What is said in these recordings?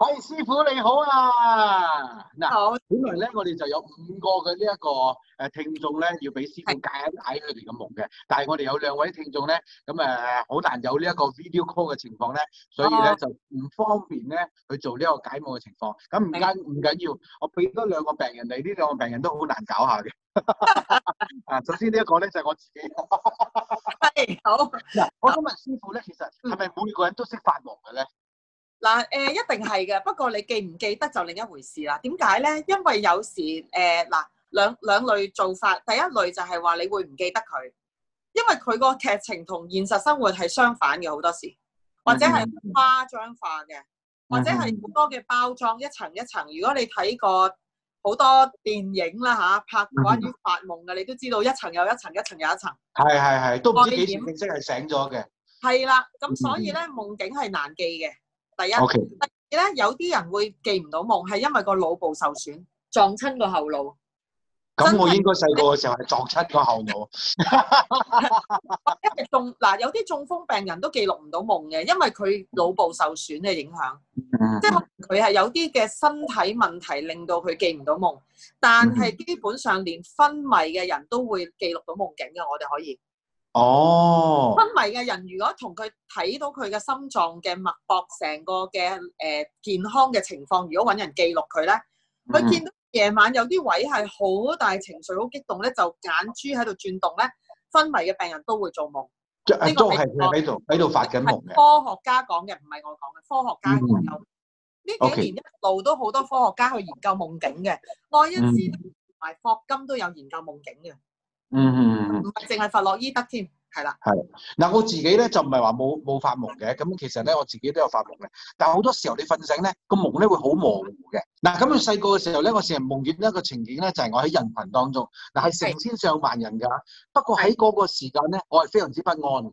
喂，hey, 師傅你好啊！嗱，好。本來咧，我哋就有五個嘅呢一個誒聽眾咧，要俾師傅解解佢哋嘅夢嘅。但係我哋有兩位聽眾咧，咁誒好難有呢一個 video call 嘅情況咧，所以咧就唔方便咧去做呢個解夢嘅情況。咁唔緊唔緊要，我俾多兩個病人嚟，呢兩個病人都好難搞下嘅。嗱 首先呢一個咧就係我自己。係 ，hey, 好。嗱好，我想問師傅咧，好其實係咪每個人都識發夢嘅咧？嗱，誒、呃、一定係嘅，不過你記唔記得就另一回事啦。點解咧？因為有時誒嗱、呃，兩兩類做法，第一類就係話你會唔記得佢，因為佢個劇情同現實生活係相反嘅好多時，或者係誇張化嘅，或者係好多嘅包裝， 一層一層。如果你睇過好多電影啦吓、啊，拍過關於發夢嘅，你都知道一層又一層，一層又一層，係係係，都唔知幾時正式係醒咗嘅。係啦，咁所以咧夢境係難記嘅。第一，Okay. 第二咧，有啲人會記唔到夢，係因為個腦部受損，撞親個後腦。咁我應該細個嘅時候係撞親個後腦。因為中、嗱有啲中風病人都記錄唔到夢嘅，因為佢腦部受損嘅影響。嗯。 即係佢係有啲嘅身體問題令到佢記唔到夢，但係基本上連昏迷嘅人都會記錄到夢境嘅，我哋可以。哦，昏迷嘅人如果同佢睇到佢嘅心臟嘅脈搏，成個嘅誒健康嘅情況，如果揾人記錄佢咧，佢見到夜晚有啲位係好大，情緒好激動咧，就眼珠喺度轉動咧，昏迷嘅病人都會做夢。一個病人都喺度喺度發緊夢嘅。科學家講嘅，唔係我講嘅，科學家有呢幾年一路都好多科學家去研究夢境嘅，愛因斯坦同埋霍金都有研究夢境嘅。嗯嗯嗯，唔係淨係弗洛伊德添，係啦。係嗱、嗯，我自己咧就唔係話冇冇發夢嘅，咁其實咧我自己都有發夢嘅。但係好多時候你瞓醒咧，個夢咧會好模糊嘅。嗱，咁啊細個嘅時候咧，我成日夢見一個情景咧，就係、是、我喺人群當中，嗱係成千上萬人噶。的不過喺嗰個時間咧，我係非常之不安。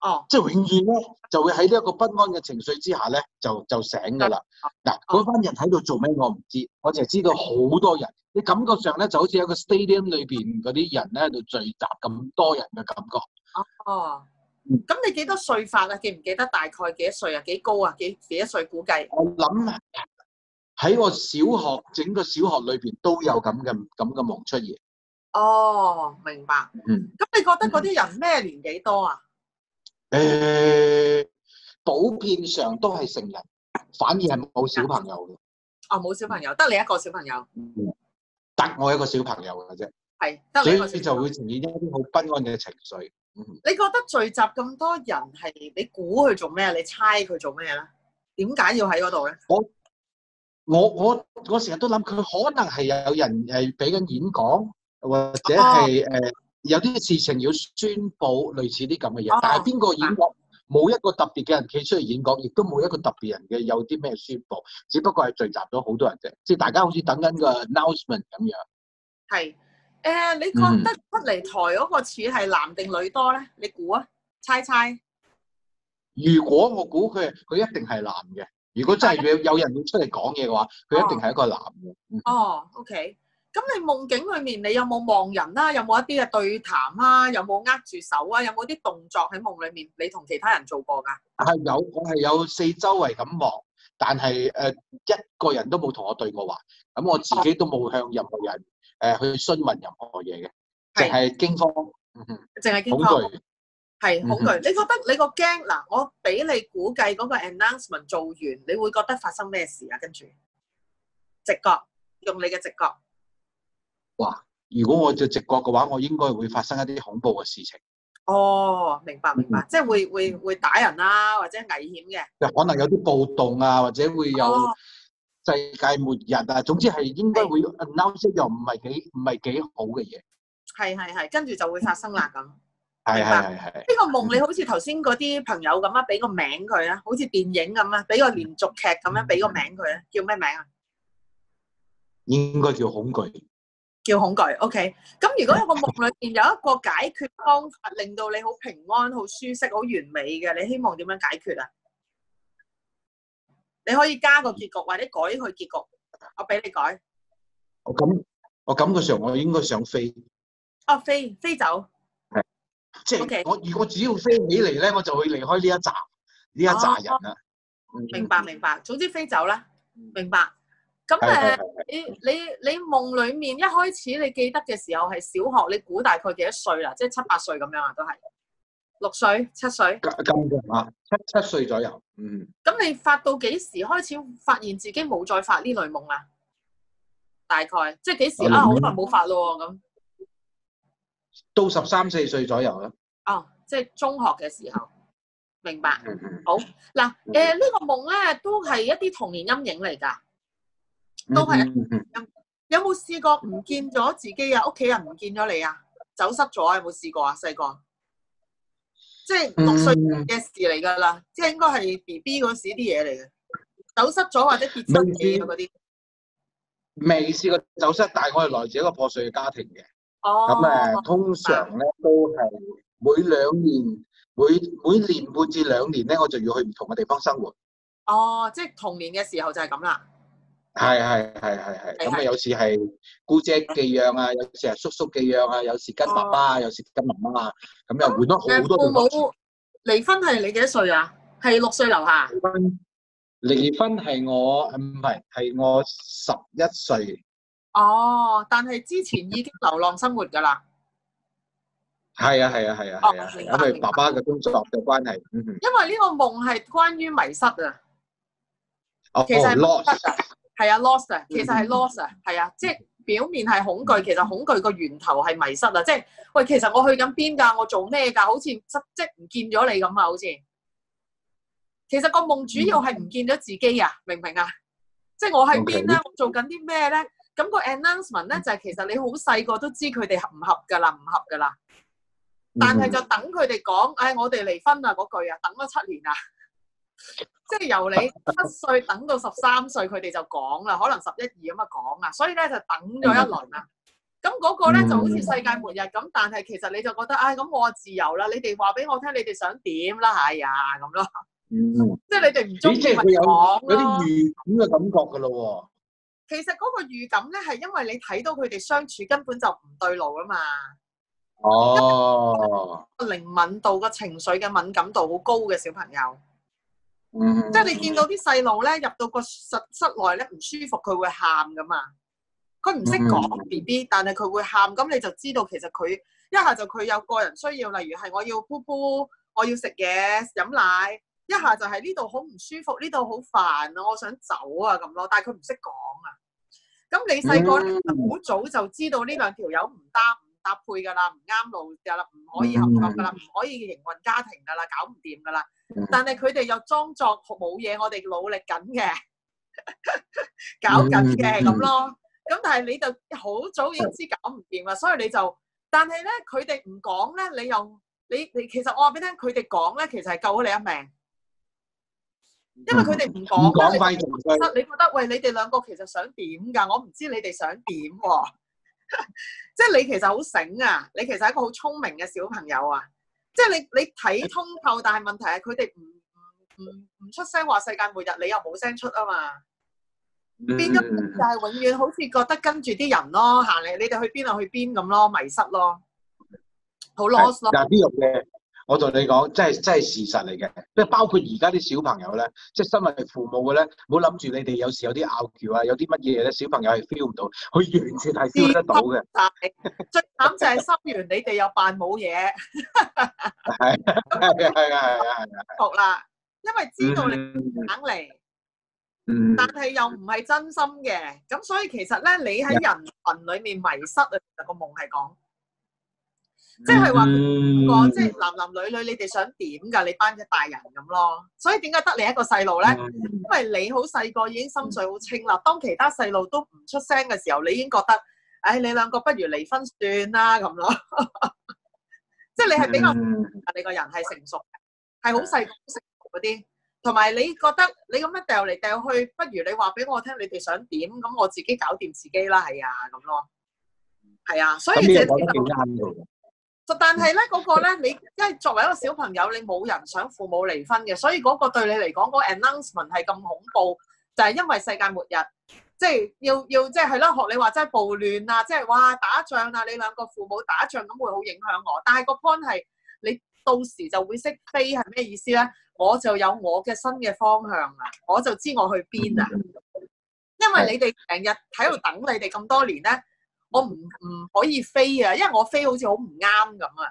哦，即係永遠咧，就會喺呢一個不安嘅情緒之下咧，就就醒噶啦。嗱、哦，嗰班人喺度做咩？我唔知，我淨係知道好多人。你感覺上咧就好似喺個 stadium 裏邊嗰啲人咧喺度聚集咁多人嘅感覺。哦，咁你幾多歲法啊？嗯、記唔記得大概幾多歲啊？幾高啊？幾幾多歲估計？我諗喺我小學，整個小學裏邊都有咁嘅咁嘅夢出現。哦，明白。嗯。咁你覺得嗰啲人咩年紀多啊？誒、嗯，普遍上都係成人，反而係冇小朋友嘅。哦，冇小朋友，得你一個小朋友。嗯，得我一個小朋友嘅啫。係得所以就會呈現一啲好不安嘅情緒。嗯，你覺得聚集咁多人係你估佢做咩？你猜佢做咩咧？點解要喺嗰度咧？我我我我成日都諗，佢可能係有人係俾緊演講，或者係誒。啊有啲事情要宣布，類似啲咁嘅嘢，哦、但係邊個演講冇一個特別嘅人企出嚟演講，亦都冇一個特別人嘅有啲咩宣布，只不過係聚集咗好多人啫，即係大家好似等緊個 announcement 咁樣。係，誒、呃，你覺得出嚟台嗰個似係男定女多咧？你估啊？猜猜？如果我估佢，佢一定係男嘅。如果真係有人會出嚟講嘢嘅話，佢的一定係一個男嘅。哦、嗯、哦，OK。咁你夢境裏面，你有冇望人啦、啊？有冇一啲嘅對談啊？有冇握住手啊？有冇啲動作喺夢裏面？你同其他人做過㗎？係有，我係有四周圍咁望，但係誒、呃、一個人都冇同我對過話，咁我自己都冇向任何人誒、呃、去詢問任何嘢嘅，淨係的驚慌，嗯哼，淨係驚慌，係恐懼。懼嗯、哼你覺得你個驚？嗱，我俾你估計嗰個 announcement 做完，你會覺得發生咩事啊？跟住直覺，用你嘅直覺。哇！如果我就直覺嘅話，我應該會發生一啲恐怖嘅事情。哦，明白明白，即係會會會打人啦、啊，或者危險嘅。就可能有啲暴動啊，或者會有世界末日啊。哦、總之係應該會 announce 又唔係幾唔係幾好嘅嘢。係係係，跟住就會發生啦咁。係係係。呢個夢是你好似頭先嗰啲朋友咁啊，俾個名佢啊，好似電影咁啊，俾個連續劇咁樣俾、嗯、個名佢啊，叫咩名啊？應該叫恐懼。叫恐懼，OK。咁如果有個夢裏邊有一個解決方法，令到你好平安、好舒適、好完美嘅，你希望點樣解決啊？你可以加個結局，或者改佢結局，我俾你改。我咁，我咁嘅時候，我應該想飛。哦，飛飛走。係，即係，OK。我如果只要飛起嚟咧，我就會離開呢一紮呢一紮人啊。明白明白，總之飛走啦，明白。咁誒。你你你夢裏面一開始你記得嘅時候係小學，你估大概幾多歲啦？即係七八歲咁樣啊，都係六歲、七歲咁嘅係嘛？七七歲左右，嗯。咁你發到幾時開始發現自己冇再發呢類夢啦？大概即係幾時、呃、啊？好耐冇發咯咁。到十三四歲左右啦。哦，即係中學嘅時候。明白。好嗱，誒、呃這個、呢個夢咧都係一啲童年陰影嚟噶。都係，有冇試過唔見咗自己啊？屋企人唔見咗你啊？走失咗有冇試過啊？細個，即係六歲嘅事嚟㗎啦，嗯、即係應該係 BB 嗰時啲嘢嚟嘅，走失咗或者跌親嘢嗰啲。未試過走失，但係我係來自一個破碎嘅家庭嘅。哦。咁啊，通常咧都係每兩年、嗯、每每年半至兩年咧，我就要去唔同嘅地方生活。哦，即係童年嘅時候就係咁啦。係係係係係，咁啊有時係姑姐寄養啊，有時係叔叔寄養啊，有時跟爸爸啊，有時跟媽媽啊，咁又換咗好多個。父母離婚係你幾多歲啊？係六歲留下。離婚係我唔係係我十一歲。哦，但係之前已經流浪生活㗎啦。係啊係啊係啊係啊，因為爸爸嘅工作嘅關係。因為呢個夢係關於迷失啊。其實唔係啊，lost 啊，oss, 其實係 lost 啊，係啊，即係表面係恐懼，其實恐懼個源頭係迷失啊，即係喂，其實我去緊邊㗎，我做咩㗎？好似即係唔見咗你咁啊，好似其實個夢主要係唔見咗自己啊，明唔明啊？即係我喺邊咧？Okay. 我做緊啲咩咧？咁、那個 announcement 咧就係、是、其實你好細個都知佢哋合唔合㗎啦，唔合㗎啦。但係就等佢哋講，唉、哎，我哋離婚啊嗰句啊，等咗七年啊。 即係由你七歲等到十三歲，佢哋就講啦，可能十一二咁啊，講啊，所以咧就等咗一輪啦。咁嗰個咧就好似世界末日咁，但係其實你就覺得，唉、嗯、咁、哎，我自由啦，你哋話俾我聽，你哋想點啦，哎呀咁咯。嗯，即係你哋唔中意，講有啲預感嘅感覺噶咯。其實嗰個預感咧，係因為你睇到佢哋相處根本就唔對路啊嘛。哦、啊，靈敏度、個情緒嘅敏感度好高嘅小朋友。嗯，即係你見到啲細路咧入到個室室內咧唔舒服，佢會喊噶嘛。佢唔識講 BB，但係佢會喊，咁你就知道其實佢一下就佢有個人需要，例如係我要噗噗，我要食嘢、飲奶，一下就係呢度好唔舒服，呢度好煩啊，我想走啊咁咯。但係佢唔識講啊。咁你細個咧好早就知道呢兩條友唔搭，搭配噶啦，唔啱路噶啦，唔可以合作噶啦，唔可以營運家庭噶啦，搞唔掂噶啦。但係佢哋又裝作冇嘢，我哋努力緊嘅，搞緊嘅咁咯。咁但係你就好早已知搞唔掂啦，所以你就，但係咧佢哋唔講咧，你又你你其實我話俾你聽，佢哋講咧，其實係救咗你一命，因為佢哋唔講。講快仲唔快？你覺得，對你覺得喂，你哋兩個其實想點噶？我唔知你哋想點喎。 即係你其實好醒啊，你其實係一個好聰明嘅小朋友啊，即係你你睇通透，但係問題係佢哋唔唔唔出聲話世界末日，你又冇聲出啊嘛，邊、嗯、個就係永遠好似覺得跟住啲人咯，行嚟你哋去邊啊去邊咁咯，迷失咯，好 lost 咯。我同你講，真係真係事實嚟嘅，即係包括而家啲小朋友咧，即係身為父母嘅咧，唔好諗住你哋有時有啲拗撬啊，有啲乜嘢咧，小朋友係 feel 唔到，佢完全係 feel 得到嘅。但係最慘就係心完你哋又扮冇嘢。係係係啊！服啦，因為知道你肯嚟，嗯，但係又唔係真心嘅，咁、嗯、所以其實咧，你喺人群裏面迷失啊，個的夢係講。即係話咁講，即係男男女女，你哋想點噶？你班一大人咁咯，所以點解得你一個細路咧？因為你好細個已經心水好清啦。當其他細路都唔出聲嘅時候，你已經覺得，唉，你兩個不如離婚算啦咁咯。即係你係比較你個人係成熟嘅，係好細個成熟嗰啲。同埋你覺得你咁樣掉嚟掉去，不如你話俾我聽，你哋想點？咁我自己搞掂自己啦，係啊咁咯，係啊。所以你哋點啊？但係咧，嗰個咧，你因為作為一個小朋友，你冇人想父母離婚嘅，所以嗰個對你嚟講，嗰 announcement 係咁恐怖，就係因為世界末日，即係要要即係係咯，學你話齋係暴亂啊，即係哇打仗啊，你兩個父母打仗咁會好影響我。但係個 point 係，你到時就會識飛係咩意思咧？我就有我嘅新嘅方向啊，我就知我去邊啊，因為你哋成日喺度等你哋咁多年咧。我唔唔可以飛啊，因為我飛好似好唔啱咁啊，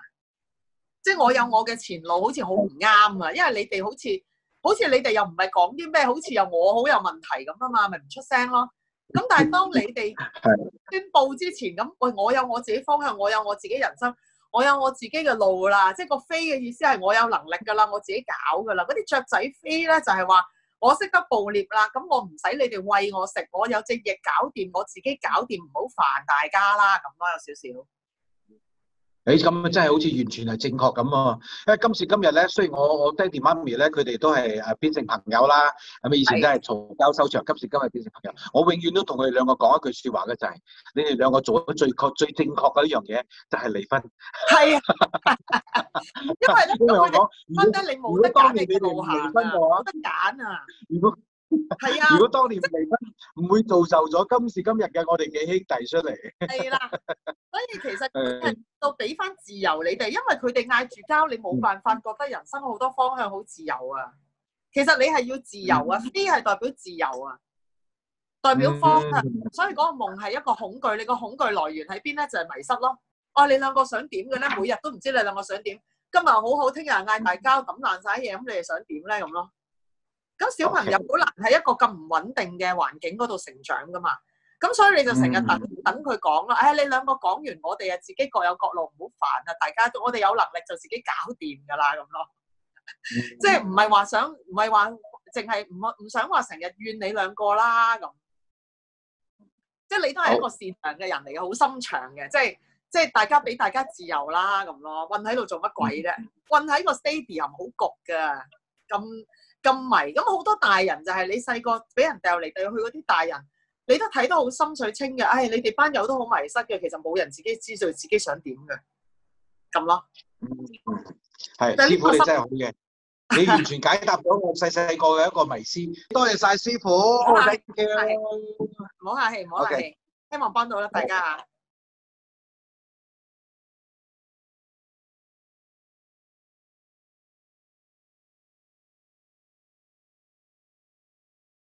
即係我有我嘅前路好似好唔啱啊，因為你哋好似好似你哋又唔係講啲咩，好似又我好有問題咁啊嘛，咪唔出聲咯。咁但係當你哋宣佈之前，咁喂我有我自己方向，我有我自己人生，我有我自己嘅路啦。即係個飛嘅意思係我有能力噶啦，我自己搞噶啦。嗰啲雀仔飛咧就係話。我識得捕獵啦，咁我唔使你哋餵我食，我有隻嘢搞掂，我自己搞掂，唔好煩大家啦，咁咯有少少。你咁真係好似完全係正確咁啊！因為今時今日咧，雖然我我爹哋媽咪咧，佢哋都係啊變成朋友啦，咁啊以前都係嘈交收場，今時今日變成朋友。的我永遠都同佢哋兩個講一句説話嘅就係，你哋兩個做最確最正確嘅一樣嘢，就係離婚。係啊， 因為咧，為我覺果分得你冇得揀，當年你嘅路我得揀啊。如果係啊！如果當年離婚，唔會造就咗今時今日嘅我哋幾兄弟出嚟。係啦，所以其實就俾翻自由你哋，因為佢哋嗌住交，你冇辦法覺得人生好多方向好自由啊。其實你係要自由啊，呢啲係代表自由啊，代表方向。所以嗰個夢係一個恐懼，你個恐懼來源喺邊咧？就係迷失咯。哦，你兩個想點嘅咧？每日都唔知你兩個想點。今日好好，聽日嗌埋交，抌爛晒嘢，咁你哋想點咧？咁咯。咁小朋友好難喺一個咁唔穩定嘅環境嗰度成長噶嘛，咁所以你就成日等、嗯、等佢講咯。唉、哎，你兩個講完，我哋啊自己各有各路，唔好煩啊！大家都我哋有能力就自己搞掂噶啦，咁咯、嗯、咯，即係唔係話想唔係話淨係唔唔想話成日怨你兩個啦咁。即係你都係一個善良嘅人嚟，好心腸嘅，即係即係大家俾大家自由啦，咁咯，困喺度做乜鬼啫？困喺、嗯、個 studio 又唔好焗噶咁。咁迷，咁好多大人就係你細個俾人掉嚟掉去嗰啲大人，你都睇得好心水清嘅。唉、哎，你哋班友都好迷失嘅，其實冇人自己知道自己想點嘅，咁咯。係、嗯、師傅你真係好嘅，你完全解答咗我細細個嘅一個迷思。 多謝晒師傅，唔好 客氣，唔好客氣，Okay? 希望幫到啦大家啊。